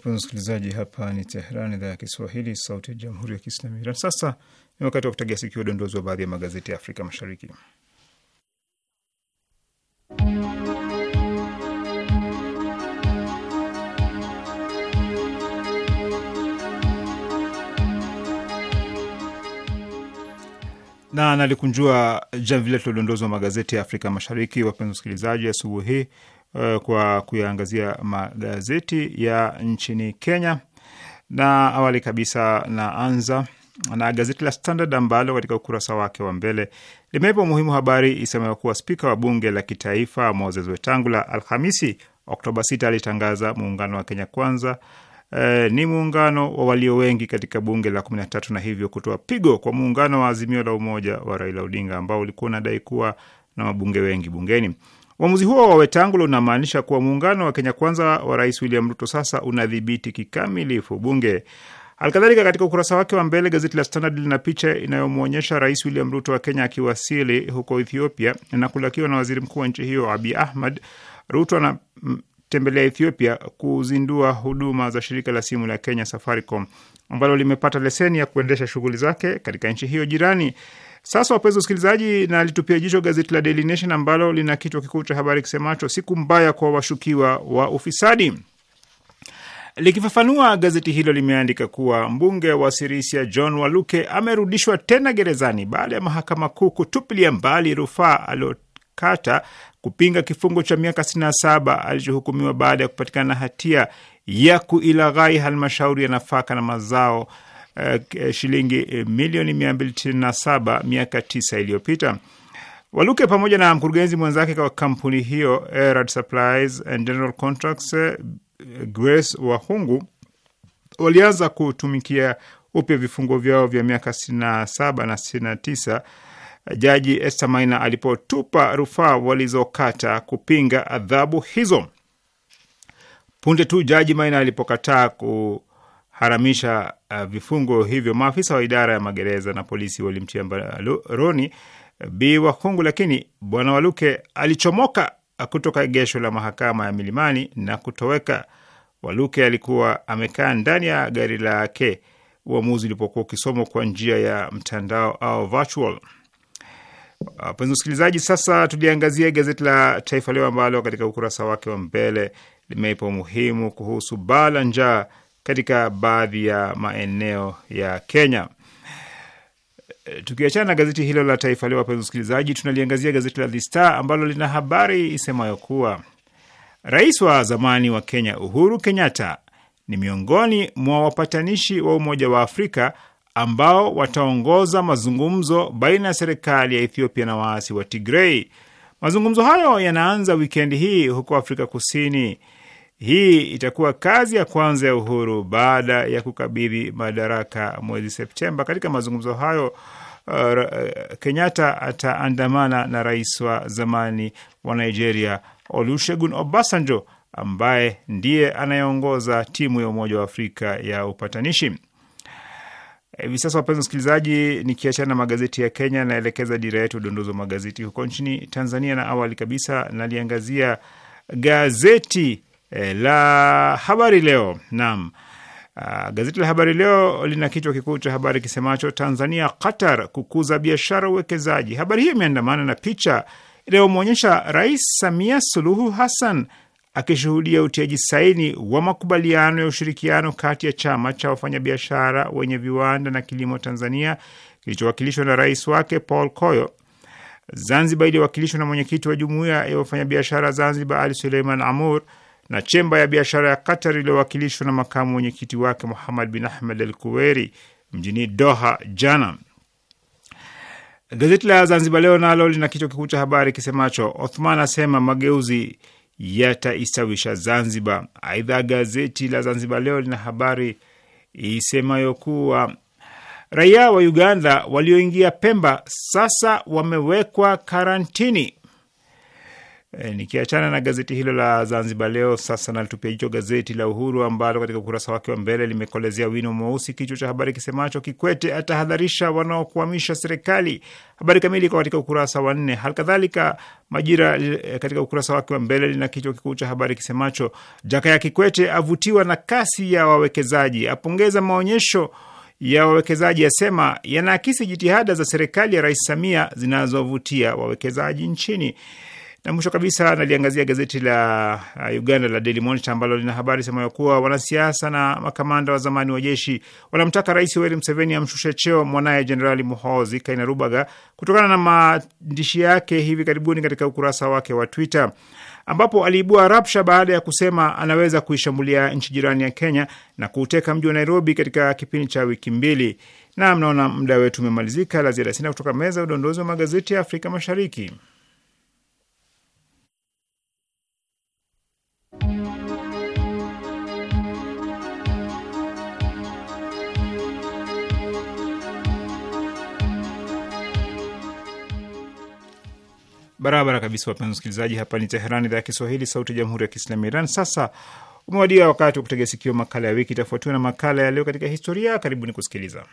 Wapenzi wasikilizaji, hapa ni Teheran, idhaa ya Kiswahili, sauti ya jamhuri ya kiislamu Iran. Sasa ni wakati wa kutegea sikio udondozi wa baadhi ya magazeti ya Afrika Mashariki. na nalikunjua jamvi letu la udondozi wa magazeti ya Afrika Mashariki, wapenzi wasikilizaji, asubuhi hii Eh, kwa kuyaangazia magazeti ya nchini Kenya, na awali kabisa naanza na gazeti la Standard ambalo katika ukurasa wake wa mbele limeipa umuhimu habari isemayo kuwa spika wa bunge la kitaifa Moses Wetangula Alhamisi Oktoba 6 alitangaza muungano wa Kenya Kwanza e, ni muungano wa walio wengi katika bunge la 13 na hivyo kutoa pigo kwa muungano wa Azimio la Umoja wa Raila Odinga ambao ulikuwa unadai kuwa na mabunge wengi bungeni. Uamuzi huo wa Wetangulo unamaanisha kuwa muungano wa Kenya Kwanza wa Rais William Ruto sasa unadhibiti kikamilifu bunge. Halikadhalika, katika ukurasa wake wa mbele gazeti la Standard lina picha inayomwonyesha Rais William Ruto wa Kenya akiwasili huko Ethiopia na kulakiwa na waziri mkuu wa nchi hiyo Abi Ahmad. Ruto anatembelea Ethiopia kuzindua huduma za shirika la simu la Kenya Safaricom ambalo limepata leseni ya kuendesha shughuli zake katika nchi hiyo jirani. Sasa wapenzi wasikilizaji, na litupia jicho gazeti la Daily Nation ambalo lina kichwa kikuu cha habari kisemacho siku mbaya kwa washukiwa wa ufisadi. Likifafanua, gazeti hilo limeandika kuwa mbunge wa Sirisia John Waluke amerudishwa tena gerezani baada ya mahakama kuu kutupilia mbali rufaa aliokata kupinga kifungo cha miaka 67 alichohukumiwa baada ya kupatikana hatia ya kuilaghai halmashauri ya nafaka na mazao uh, shilingi eh, milioni mia mbili tisini na saba miaka tisa iliyopita. Waluke pamoja na mkurugenzi mwenzake kwa kampuni hiyo Erad Supplies and General Contracts Grace Wahungu walianza kutumikia upya vifungo vyao vya miaka 67 na saba na na tisa Jaji Esther Maina alipotupa rufaa walizokata kupinga adhabu hizo. Punde tu Jaji Maina alipokataa ku haramisha uh, vifungo hivyo. Maafisa wa idara ya magereza na polisi walimtia mbaroni uh, Bi Wakhungu, lakini bwana Waluke alichomoka uh, kutoka gesho la mahakama ya Milimani na kutoweka. Waluke alikuwa amekaa ndani ya gari lake uamuzi ulipokuwa ukisomwa kwa njia ya mtandao au virtual. Wapenzi wasikilizaji, sasa tuliangazia gazeti la Taifa Leo ambalo katika ukurasa wake wa mbele limeipa umuhimu kuhusu baa la njaa katika baadhi ya maeneo ya Kenya. Tukiachana na gazeti hilo la Taifa Leo, wapenzi wasikilizaji, tunaliangazia gazeti la The Star ambalo lina habari isemayo kuwa rais wa zamani wa Kenya Uhuru Kenyatta ni miongoni mwa wapatanishi wa Umoja wa Afrika ambao wataongoza mazungumzo baina ya serikali ya Ethiopia na waasi wa Tigrei. Mazungumzo hayo yanaanza wikendi hii huko Afrika Kusini. Hii itakuwa kazi ya kwanza ya Uhuru baada ya kukabidhi madaraka mwezi Septemba. Katika mazungumzo hayo uh, uh, Kenyatta ataandamana na rais wa zamani wa Nigeria Olusegun Obasanjo ambaye ndiye anayeongoza timu ya Umoja wa Afrika ya upatanishi. Hivi sasa wapenzi msikilizaji, nikiachana na magazeti ya Kenya, naelekeza dira yetu udondozi wa magazeti huko nchini Tanzania, na awali kabisa naliangazia gazeti Eh, la Habari Leo. Naam. Uh, gazeti la Habari Leo lina kichwa kikuu cha habari kisemacho Tanzania Qatar kukuza biashara uwekezaji. Habari hiyo imeandamana na picha inayomwonyesha Rais Samia Suluhu Hassan akishuhudia utiaji saini wa makubaliano ya ushirikiano kati ya chama cha wafanyabiashara wenye viwanda na kilimo Tanzania kilichowakilishwa na rais wake Paul Koyo, Zanzibar iliyowakilishwa na mwenyekiti wa jumuiya ya wafanyabiashara Zanzibar Ali Suleiman Amur na chemba ya biashara ya Qatar iliyowakilishwa na makamu mwenyekiti wake Muhammad bin Ahmed Al Kuweri mjini Doha jana. Gazeti la Zanzibar Leo nalo lina kichwa kikuu cha habari kisemacho Othman asema mageuzi yataistawisha Zanzibar. Aidha, gazeti la Zanzibar Leo lina habari isemayo kuwa raia wa Uganda walioingia Pemba sasa wamewekwa karantini. E, nikiachana na gazeti hilo la Zanzibar Leo, sasa nalitupia jicho gazeti la Uhuru ambalo katika ukurasa wake wa mbele limekolezea wino mweusi kichwa cha habari kisemacho Kikwete atahadharisha wanaokwamisha serikali. Habari kamili iko katika ukurasa wa nne. Halikadhalika, Majira e, katika ukurasa wake wa mbele lina kichwa kikuu cha habari kisemacho Jakaya Kikwete avutiwa na kasi ya wawekezaji, apongeza maonyesho ya wawekezaji, asema yanaakisi jitihada za serikali ya Rais Samia zinazovutia wawekezaji nchini. Na mwisho kabisa naliangazia gazeti la uh, Uganda la Daily Monitor ambalo lina habari sema kuwa wanasiasa na makamanda wa zamani wa jeshi wanamtaka Rais Yoweri Museveni amshushe cheo mwanaye Jenerali Muhoozi Kainerubaga kutokana na maandishi yake hivi karibuni katika ukurasa wake wa Twitter ambapo aliibua rapsha baada ya kusema anaweza kuishambulia nchi jirani ya Kenya na kuuteka mji wa Nairobi katika kipindi cha wiki mbili. Na mnaona muda wetu umemalizika. La ziada sina kutoka meza udondozi wa magazeti ya Afrika Mashariki. Barabara kabisa, wapenzi wasikilizaji, hapa ni Teherani, idhaa ya Kiswahili, sauti ya jamhuri ya kiislamu Iran. Sasa umewadia wakati wa kutegea sikio makala ya wiki, itafuatiwa na makala ya leo katika historia. Karibuni kusikiliza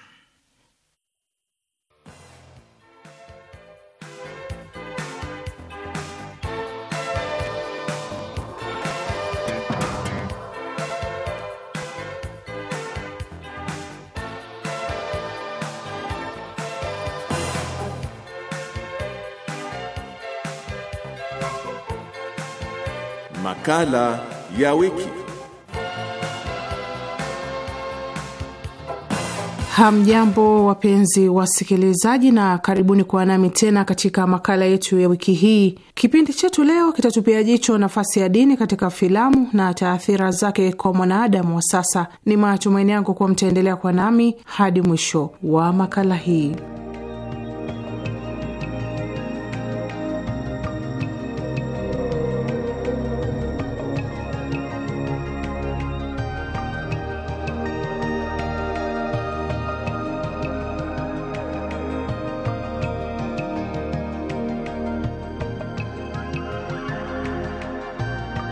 Makala ya wiki. Hamjambo, wapenzi wasikilizaji, na karibuni kuwa nami tena katika makala yetu ya wiki hii. Kipindi chetu leo kitatupia jicho nafasi ya dini katika filamu na taathira zake kwa mwanadamu wa sasa. Ni matumaini yangu kuwa mtaendelea kuwa nami hadi mwisho wa makala hii.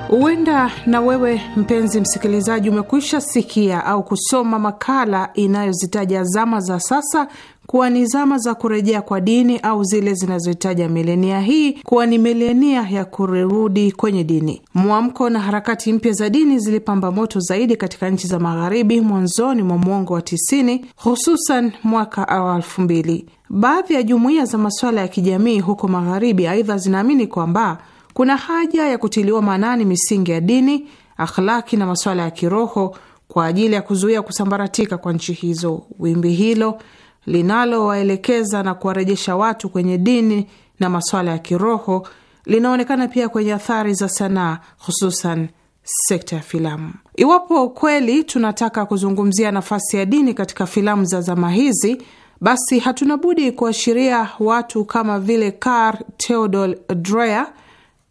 Huenda na wewe mpenzi msikilizaji umekwisha sikia au kusoma makala inayozitaja zama za sasa kuwa ni zama za kurejea kwa dini au zile zinazohitaja milenia hii kuwa ni milenia ya kurudi kwenye dini. Mwamko na harakati mpya za dini zilipamba moto zaidi katika nchi za magharibi mwanzoni mwa mwongo wa tisini, hususan mwaka au elfu mbili. Baadhi ya jumuiya za masuala ya kijamii huko magharibi aidha zinaamini kwamba kuna haja ya kutiliwa maanani misingi ya dini, akhlaki na masuala ya kiroho kwa ajili ya kuzuia kusambaratika kwa nchi hizo. Wimbi hilo linalowaelekeza na kuwarejesha watu kwenye dini na masuala ya kiroho linaonekana pia kwenye athari za sanaa, hususan sekta ya filamu. Iwapo kweli tunataka kuzungumzia nafasi ya dini katika filamu za zama hizi, basi hatuna budi kuashiria watu kama vile car Theodor Dreyer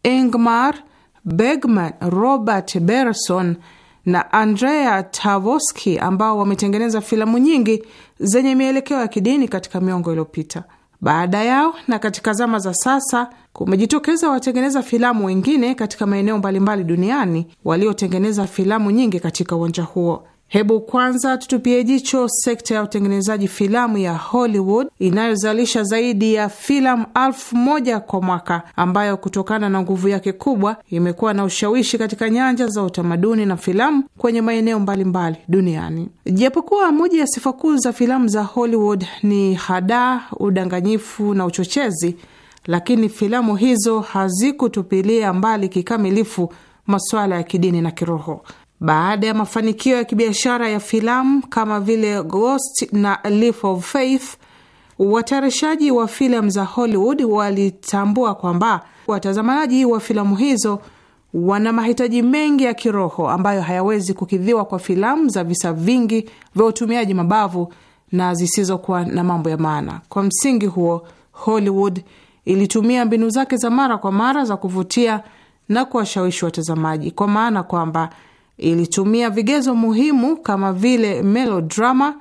Ingmar Bergman, Robert berson na Andrea Tavoski ambao wametengeneza filamu nyingi zenye mielekeo ya kidini katika miongo iliyopita. Baada yao na katika zama za sasa kumejitokeza watengeneza filamu wengine katika maeneo mbalimbali duniani waliotengeneza filamu nyingi katika uwanja huo. Hebu kwanza tutupie jicho sekta ya utengenezaji filamu ya Hollywood inayozalisha zaidi ya filamu elfu moja kwa mwaka, ambayo kutokana na nguvu yake kubwa imekuwa na ushawishi katika nyanja za utamaduni na filamu kwenye maeneo mbalimbali duniani. Japokuwa moja ya sifa kuu za filamu za Hollywood ni hadaa, udanganyifu na uchochezi, lakini filamu hizo hazikutupilia mbali kikamilifu masuala ya kidini na kiroho. Baada ya mafanikio ya kibiashara ya filamu kama vile Ghost na Leap of Faith, watayarishaji wa filamu za Hollywood walitambua kwamba watazamaji wa filamu hizo wana mahitaji mengi ya kiroho ambayo hayawezi kukidhiwa kwa filamu za visa vingi vya utumiaji mabavu na zisizokuwa na mambo ya maana. Kwa msingi huo, Hollywood ilitumia mbinu zake za mara kwa mara za kuvutia na kuwashawishi watazamaji, kwa maana kwamba ilitumia vigezo muhimu kama vile melodrama,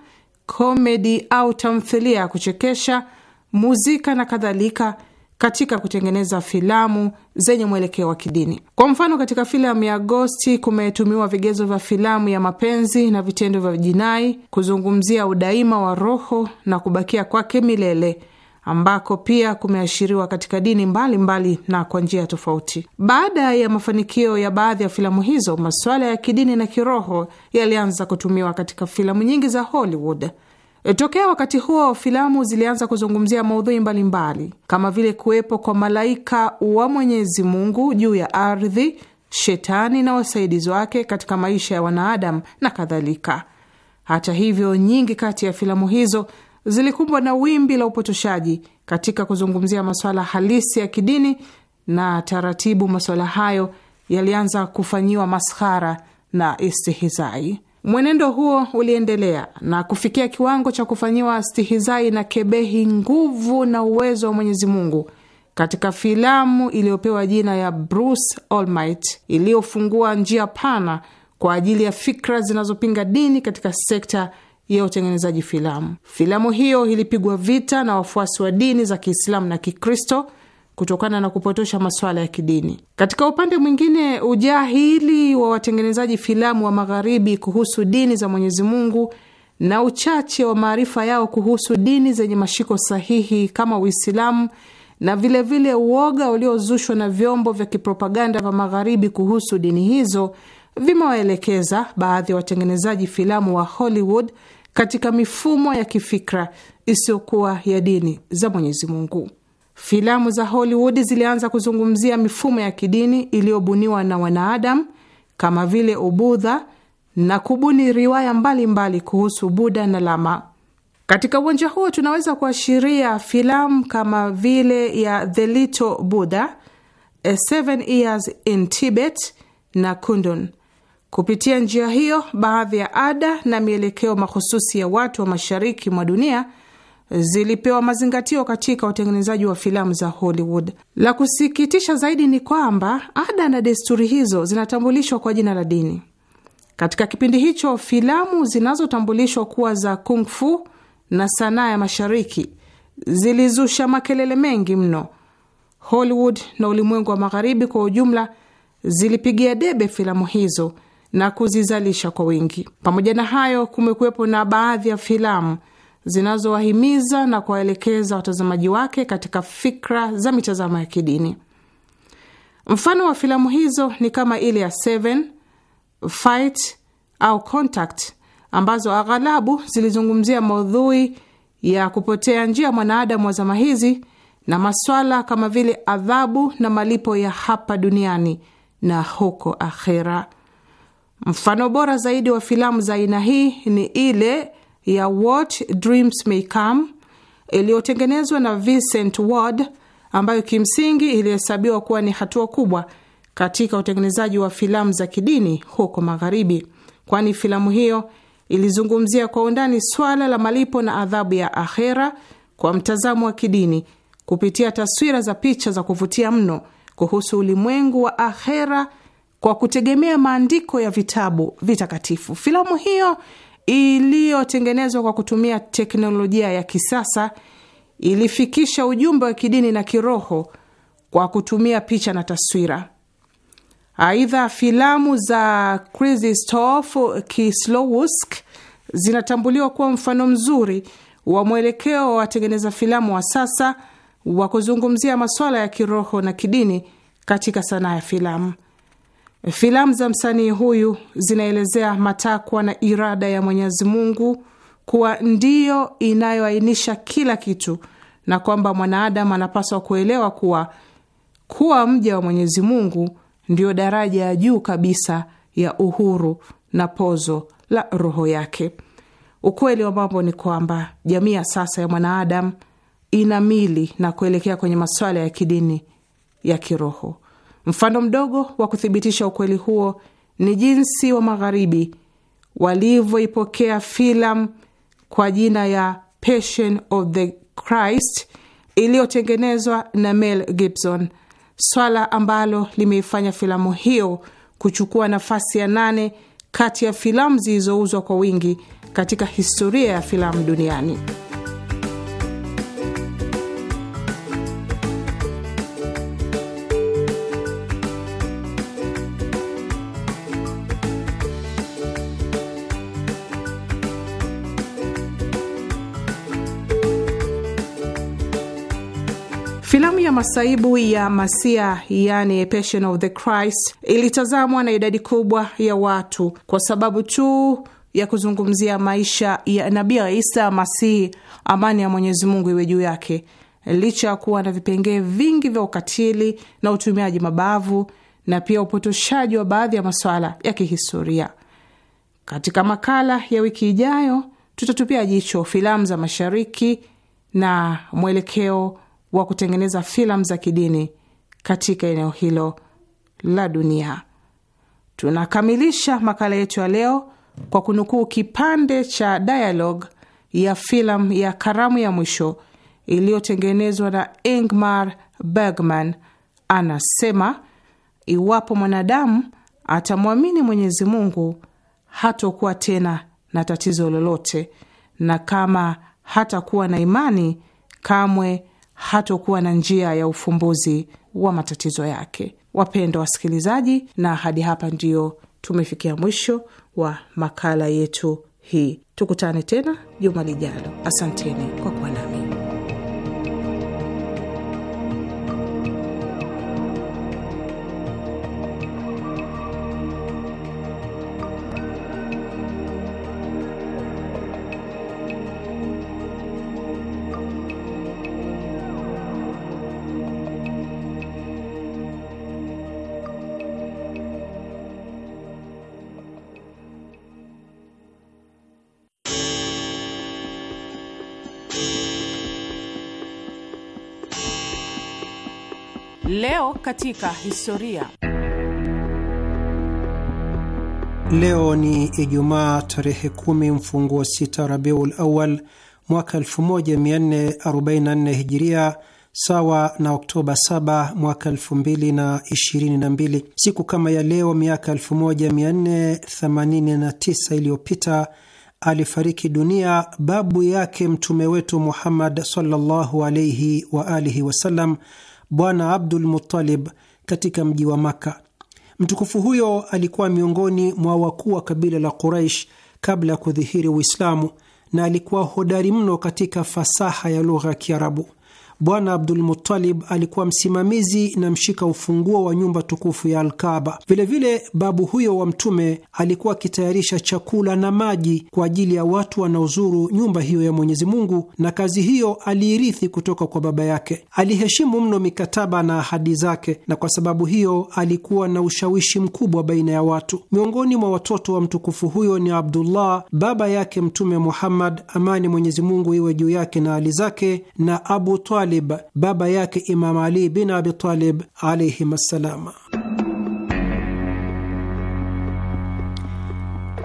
komedi au tamthilia ya kuchekesha, muzika na kadhalika katika kutengeneza filamu zenye mwelekeo wa kidini. Kwa mfano, katika filamu ya Agosti kumetumiwa vigezo vya filamu ya mapenzi na vitendo vya jinai, kuzungumzia udaima wa roho na kubakia kwake milele ambako pia kumeashiriwa katika dini mbalimbali mbali na kwa njia tofauti. Baada ya mafanikio ya baadhi ya filamu hizo, masuala ya kidini na kiroho yalianza kutumiwa katika filamu nyingi za Hollywood. Tokea wakati huo filamu zilianza kuzungumzia maudhui mbalimbali mbali, kama vile kuwepo kwa malaika wa Mwenyezi Mungu juu ya ardhi, shetani na wasaidizi wake katika maisha ya wanaadamu na kadhalika. Hata hivyo, nyingi kati ya filamu hizo zilikumbwa na wimbi la upotoshaji katika kuzungumzia masuala halisi ya kidini, na taratibu masuala hayo yalianza kufanyiwa maskhara na istihizai. Mwenendo huo uliendelea na kufikia kiwango cha kufanyiwa stihizai na kebehi nguvu na uwezo wa Mwenyezi Mungu katika filamu iliyopewa jina ya Bruce Almighty iliyofungua njia pana kwa ajili ya fikra zinazopinga dini katika sekta ya utengenezaji filamu. Filamu hiyo ilipigwa vita na wafuasi wa dini za Kiislamu na Kikristo kutokana na kupotosha masuala ya kidini. Katika upande mwingine, ujahili wa watengenezaji filamu wa Magharibi kuhusu dini za Mwenyezi Mungu na uchache wa maarifa yao kuhusu dini zenye mashiko sahihi kama Uislamu na vilevile vile uoga uliozushwa na vyombo vya kipropaganda vya Magharibi kuhusu dini hizo vimewaelekeza baadhi ya watengenezaji filamu wa Hollywood katika mifumo ya kifikra isiyokuwa ya dini za Mwenyezi Mungu. Filamu za Hollywood zilianza kuzungumzia mifumo ya kidini iliyobuniwa na wanaadamu kama vile Ubudha na kubuni riwaya mbalimbali mbali kuhusu Buda na Lama. Katika uwanja huo tunaweza kuashiria filamu kama vile ya The Little Buddha, A Seven Years in Tibet na Kundun. Kupitia njia hiyo, baadhi ya ada na mielekeo mahususi ya watu wa mashariki mwa dunia zilipewa mazingatio katika utengenezaji wa filamu za Hollywood. La kusikitisha zaidi ni kwamba ada na desturi hizo zinatambulishwa kwa jina la dini. Katika kipindi hicho, filamu zinazotambulishwa kuwa za kung fu na sanaa ya mashariki zilizusha makelele mengi mno. Hollywood na ulimwengu wa magharibi kwa ujumla zilipigia debe filamu hizo na kuzizalisha kwa wingi. Pamoja na hayo, kumekuwepo na baadhi ya filamu zinazowahimiza na kuwaelekeza watazamaji wake katika fikra za mitazamo ya kidini. Mfano wa filamu hizo ni kama ile ya Seven, Fight au Contact ambazo aghalabu zilizungumzia maudhui ya kupotea njia mwanaadamu wa zama hizi na maswala kama vile adhabu na malipo ya hapa duniani na huko akhera. Mfano bora zaidi wa filamu za aina hii ni ile ya What Dreams May Come iliyotengenezwa na Vincent Ward ambayo kimsingi ilihesabiwa kuwa ni hatua kubwa katika utengenezaji wa filamu za kidini huko Magharibi, kwani filamu hiyo ilizungumzia kwa undani swala la malipo na adhabu ya akhera kwa mtazamo wa kidini kupitia taswira za picha za kuvutia mno kuhusu ulimwengu wa akhera kwa kutegemea maandiko ya vitabu vitakatifu. Filamu hiyo iliyotengenezwa kwa kutumia teknolojia ya kisasa ilifikisha ujumbe wa kidini na kiroho kwa kutumia picha na taswira. Aidha, filamu za Krzysztof Kieslowski zinatambuliwa kuwa mfano mzuri wa mwelekeo wa watengeneza filamu wa sasa wa kuzungumzia masuala ya kiroho na kidini katika sanaa ya filamu. Filamu za msanii huyu zinaelezea matakwa na irada ya Mwenyezi Mungu kuwa ndiyo inayoainisha kila kitu na kwamba mwanaadamu anapaswa kuelewa kuwa kuwa mja wa Mwenyezi Mungu ndiyo daraja ya juu kabisa ya uhuru na pozo la roho yake. Ukweli wa mambo ni kwamba jamii ya sasa ya mwanaadamu ina mili na kuelekea kwenye masuala ya kidini ya kiroho. Mfano mdogo wa kuthibitisha ukweli huo ni jinsi wa Magharibi walivyoipokea filamu kwa jina ya Passion of the Christ iliyotengenezwa na Mel Gibson, swala ambalo limeifanya filamu hiyo kuchukua nafasi ya nane kati ya filamu zilizouzwa kwa wingi katika historia ya filamu duniani. ya masaibu ya Masia, yani Passion of the Christ, ilitazamwa na idadi kubwa ya watu kwa sababu tu ya kuzungumzia maisha ya Nabii Isa Masihi, amani ya Mwenyezi Mungu iwe juu yake, licha ya kuwa na vipengee vingi vya ukatili na utumiaji mabavu na pia upotoshaji wa baadhi ya masuala ya kihistoria. Katika makala ya wiki ijayo, tutatupia jicho filamu za mashariki na mwelekeo wa kutengeneza filamu za kidini katika eneo hilo la dunia. Tunakamilisha makala yetu ya leo kwa kunukuu kipande cha dialogue ya filamu ya Karamu ya Mwisho iliyotengenezwa na Ingmar Bergman. Anasema, iwapo mwanadamu atamwamini Mwenyezi Mungu hatokuwa tena na tatizo lolote, na kama hatakuwa na imani kamwe hatokuwa na njia ya ufumbuzi wa matatizo yake. Wapendwa wasikilizaji, na hadi hapa ndio tumefikia mwisho wa makala yetu hii. Tukutane tena juma lijalo. Asanteni kwa kuwa nami. Leo katika historia. Leo ni Ijumaa tarehe kumi mfunguo sita Rabiul Awal mwaka 1444 Hijiria, sawa na Oktoba 7 mwaka 2022. Siku kama ya leo miaka 1489 iliyopita alifariki dunia babu yake mtume wetu Muhammad sallallahu alaihi wa alihi wasallam Bwana Abdul Muttalib katika mji wa Makka. Mtukufu huyo alikuwa miongoni mwa wakuu wa kabila la Quraish kabla ya kudhihiri Uislamu na alikuwa hodari mno katika fasaha ya lugha ya Kiarabu. Bwana Abdulmutalib alikuwa msimamizi na mshika ufunguo wa nyumba tukufu ya Alkaba. Vilevile babu huyo wa Mtume alikuwa akitayarisha chakula na maji kwa ajili ya watu wanaozuru nyumba hiyo ya Mwenyezi Mungu, na kazi hiyo aliirithi kutoka kwa baba yake. Aliheshimu mno mikataba na ahadi zake, na kwa sababu hiyo alikuwa na ushawishi mkubwa baina ya watu. Miongoni mwa watoto wa mtukufu huyo ni Abdullah baba yake Mtume Muhammad, amani Mwenyezi Mungu iwe juu yake na hali zake, na Abu Talib Talib, baba yake Imam Ali bin Abi Talib alaihim assalam.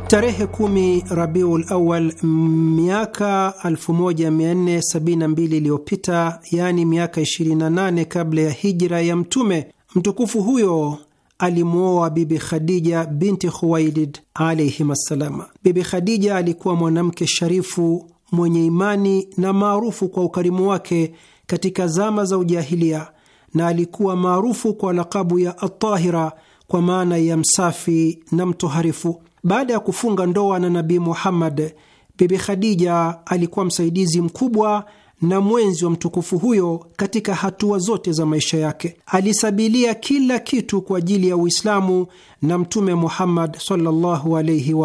Tarehe kumi Rabiul Awal miaka 1472 iliyopita, yaani miaka 28 kabla ya hijra ya Mtume mtukufu huyo alimwoa Bibi Khadija binti Khuwailid alaihim assalama. Bibi Khadija alikuwa mwanamke sharifu mwenye imani na maarufu kwa ukarimu wake katika zama za ujahilia na alikuwa maarufu kwa lakabu ya Atahira kwa maana ya msafi na mtoharifu. Baada ya kufunga ndoa na Nabii Muhammad, Bibi Khadija alikuwa msaidizi mkubwa na mwenzi wa mtukufu huyo katika hatua zote za maisha yake. Alisabilia kila kitu kwa ajili ya Uislamu na Mtume Muhammad sallallahu wa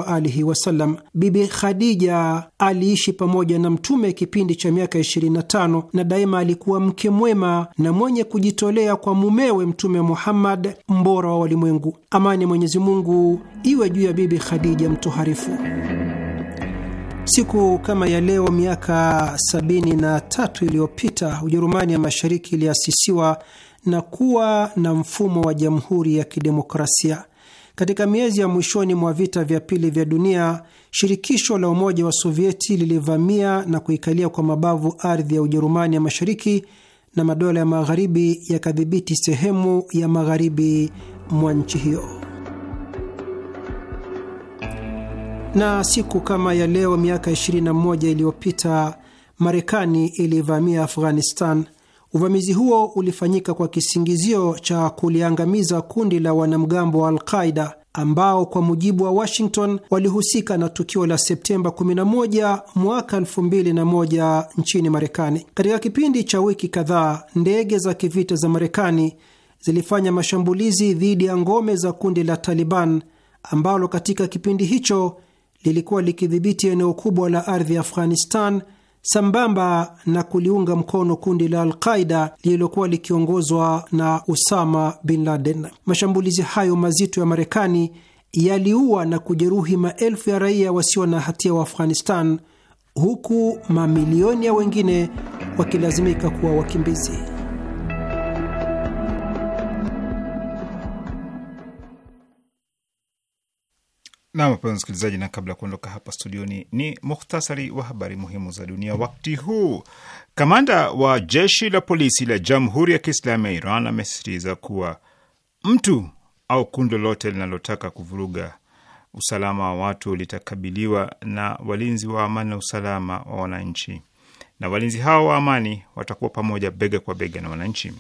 alihi wasallam. Bibi Khadija aliishi pamoja na Mtume kipindi cha miaka 25 na daima alikuwa mke mwema na mwenye kujitolea kwa mumewe Mtume Muhammad, mbora wa walimwengu. Amani ya Mwenyezi Mungu iwe juu ya Bibi Khadija mtoharifu. Siku kama ya leo miaka 73 iliyopita Ujerumani ya Mashariki iliasisiwa na kuwa na mfumo wa jamhuri ya kidemokrasia. Katika miezi ya mwishoni mwa vita vya pili vya dunia, shirikisho la Umoja wa Sovieti lilivamia na kuikalia kwa mabavu ardhi ya Ujerumani ya Mashariki na madola ya Magharibi yakadhibiti sehemu ya magharibi mwa nchi hiyo. Na siku kama ya leo miaka 21 iliyopita Marekani ilivamia Afghanistan. Uvamizi huo ulifanyika kwa kisingizio cha kuliangamiza kundi la wanamgambo wa Alqaida ambao kwa mujibu wa Washington walihusika na tukio la Septemba 11 mwaka 2001 nchini Marekani. Katika kipindi cha wiki kadhaa, ndege za kivita za Marekani zilifanya mashambulizi dhidi ya ngome za kundi la Taliban ambalo katika kipindi hicho lilikuwa likidhibiti eneo kubwa la ardhi ya Afghanistan sambamba na kuliunga mkono kundi la Alqaida lililokuwa likiongozwa na Usama bin Laden. Mashambulizi hayo mazito ya Marekani yaliua na kujeruhi maelfu ya raia wasio na hatia wa Afghanistan, huku mamilioni ya wengine wakilazimika kuwa wakimbizi. Na mapenzi msikilizaji, na kabla ya kuondoka hapa studioni ni, ni muhtasari wa habari muhimu za dunia wakati huu. Kamanda wa jeshi la polisi la Jamhuri ya Kiislamu ya Iran amesisitiza kuwa mtu au kundi lolote linalotaka kuvuruga usalama wa watu litakabiliwa na walinzi wa amani na usalama wa wananchi, na walinzi hao wa amani watakuwa pamoja bega kwa bega na wananchi.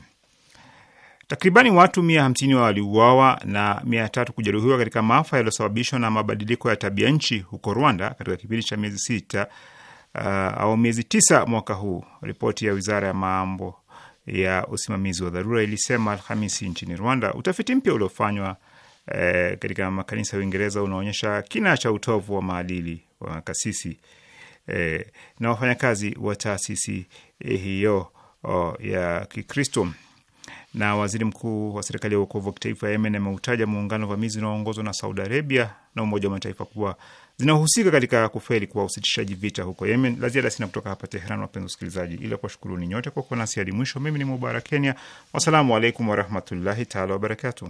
Takribani watu 150 hamsini waliuawa na 300 kujeruhiwa katika maafa yaliyosababishwa na mabadiliko ya tabia nchi huko Rwanda katika kipindi cha miezi sita uh, au miezi tisa mwaka huu. Ripoti ya wizara ya mambo ya usimamizi wa dharura ilisema Alhamisi nchini Rwanda. Utafiti mpya uliofanywa eh, katika makanisa ya Uingereza unaonyesha kina cha utovu wa maadili wa makasisi eh, uh, na wafanyakazi wa taasisi eh, hiyo oh, ya Kikristo. Na waziri mkuu wa serikali ya uokovu wa kitaifa ya Yemen ameutaja muungano vamizi unaoongozwa na Saudi Arabia na Umoja wa Mataifa kuwa zinahusika katika kufeli kwa usitishaji vita huko Yemen. La ziada sina kutoka hapa teheran wapenzi wasikilizaji, ila kuwashukuruni nyote kwa kuwa nasi hadi mwisho. Mimi ni Mubarak Kenya, wassalamu alaikum warahmatullahi taala wabarakatuh